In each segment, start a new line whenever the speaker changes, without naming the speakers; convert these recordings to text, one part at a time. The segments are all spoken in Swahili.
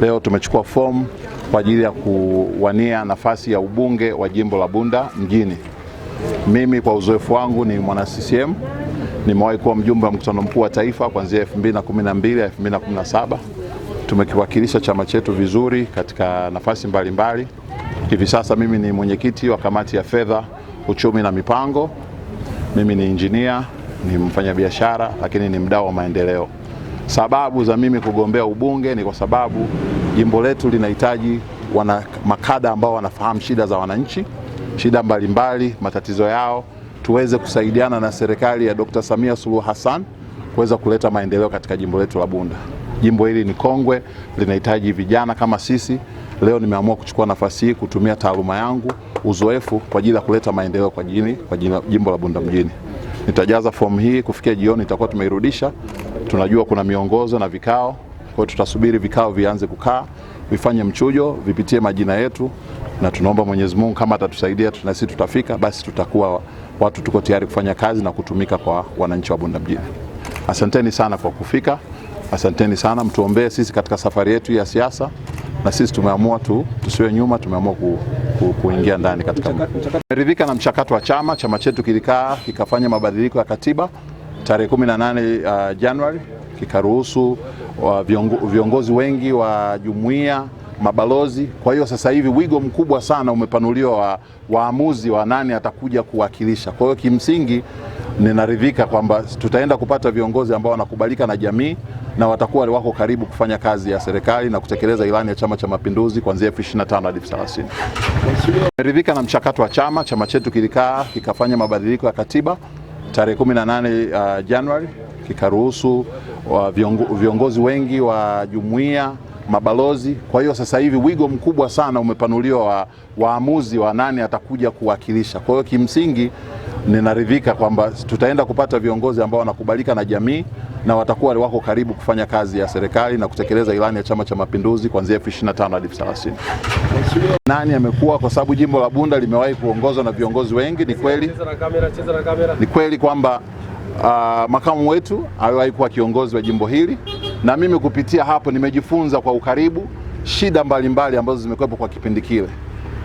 Leo tumechukua fomu kwa ajili ya kuwania nafasi ya ubunge wa jimbo la Bunda mjini. Mimi kwa uzoefu wangu ni mwana CCM, nimewahi kuwa mjumbe wa mkutano mkuu wa taifa kuanzia 2012 2017. Tumekiwakilisha chama chetu vizuri katika nafasi mbalimbali. Hivi sasa mimi ni mwenyekiti wa kamati ya fedha, uchumi na mipango. Mimi ni injinia, ni mfanyabiashara, lakini ni mdau wa maendeleo. Sababu za mimi kugombea ubunge ni kwa sababu jimbo letu linahitaji wana makada ambao wanafahamu shida za wananchi, shida mbalimbali mbali, matatizo yao, tuweze kusaidiana na serikali ya Dr. Samia Suluhu Hassan kuweza kuleta maendeleo katika jimbo letu la Bunda. Jimbo hili ni kongwe, linahitaji vijana kama sisi. Leo nimeamua kuchukua nafasi hii kutumia taaluma yangu, uzoefu kwa ajili ya kuleta maendeleo kwa jini, kwa jimbo la Bunda mjini. Nitajaza fomu hii kufikia jioni, itakuwa tumeirudisha. Tunajua kuna miongozo na vikao, kwa hiyo tutasubiri vikao vianze kukaa, vifanye mchujo, vipitie majina yetu, na tunaomba Mwenyezi Mungu kama atatusaidia na sisi tutafika, basi tutakuwa watu tuko tayari kufanya kazi na kutumika kwa wananchi wa Bunda Mjini. Asanteni sana kwa kufika, asanteni sana, mtuombee sisi katika safari yetu ya siasa, na sisi tumeamua tu tusiwe nyuma, tumeamua ku kuingia ndani katika. Meridhika na mchakato wa chama, chama chetu kilikaa kikafanya mabadiliko ya katiba tarehe 18 uh, Januari kikaruhusu uh, viongo, viongozi wengi wa jumuiya mabalozi. Kwa hiyo sasa hivi wigo mkubwa sana umepanuliwa wa waamuzi wa nani atakuja kuwakilisha. Kwa hiyo kimsingi ninaridhika kwamba tutaenda kupata viongozi ambao wanakubalika na jamii na watakuwa wako karibu kufanya kazi ya serikali na kutekeleza ilani ya Chama cha Mapinduzi kuanzia 2025 hadi 2030. Nimeridhika na mchakato wa chama. Chama chetu kilikaa kikafanya mabadiliko ya katiba tarehe 18 uh, Januari kikaruhusu uh, viongo, viongozi wengi wa jumuiya mabalozi. Kwa hiyo sasa hivi wigo mkubwa sana umepanuliwa wa waamuzi wa nani atakuja kuwakilisha. Kwa hiyo kimsingi ninaridhika kwamba tutaenda kupata viongozi ambao wanakubalika na jamii na watakuwa wako karibu kufanya kazi ya serikali na kutekeleza ilani ya Chama cha Mapinduzi kuanzia 2025 hadi 2030. Nani amekuwa kwa sababu jimbo la Bunda limewahi kuongozwa na viongozi wengi. Ni kweli, ni kweli kwamba uh, makamu wetu aliwahi kuwa kiongozi wa jimbo hili, na mimi kupitia hapo nimejifunza kwa ukaribu shida mbalimbali mbali ambazo zimekwepo kwa kipindi kile.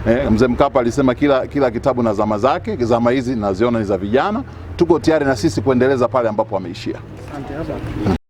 Eh, mzee Mkapa alisema kila, kila kitabu na zama zake. Zama hizi naziona ni za vijana, tuko tayari na sisi kuendeleza pale ambapo ameishia.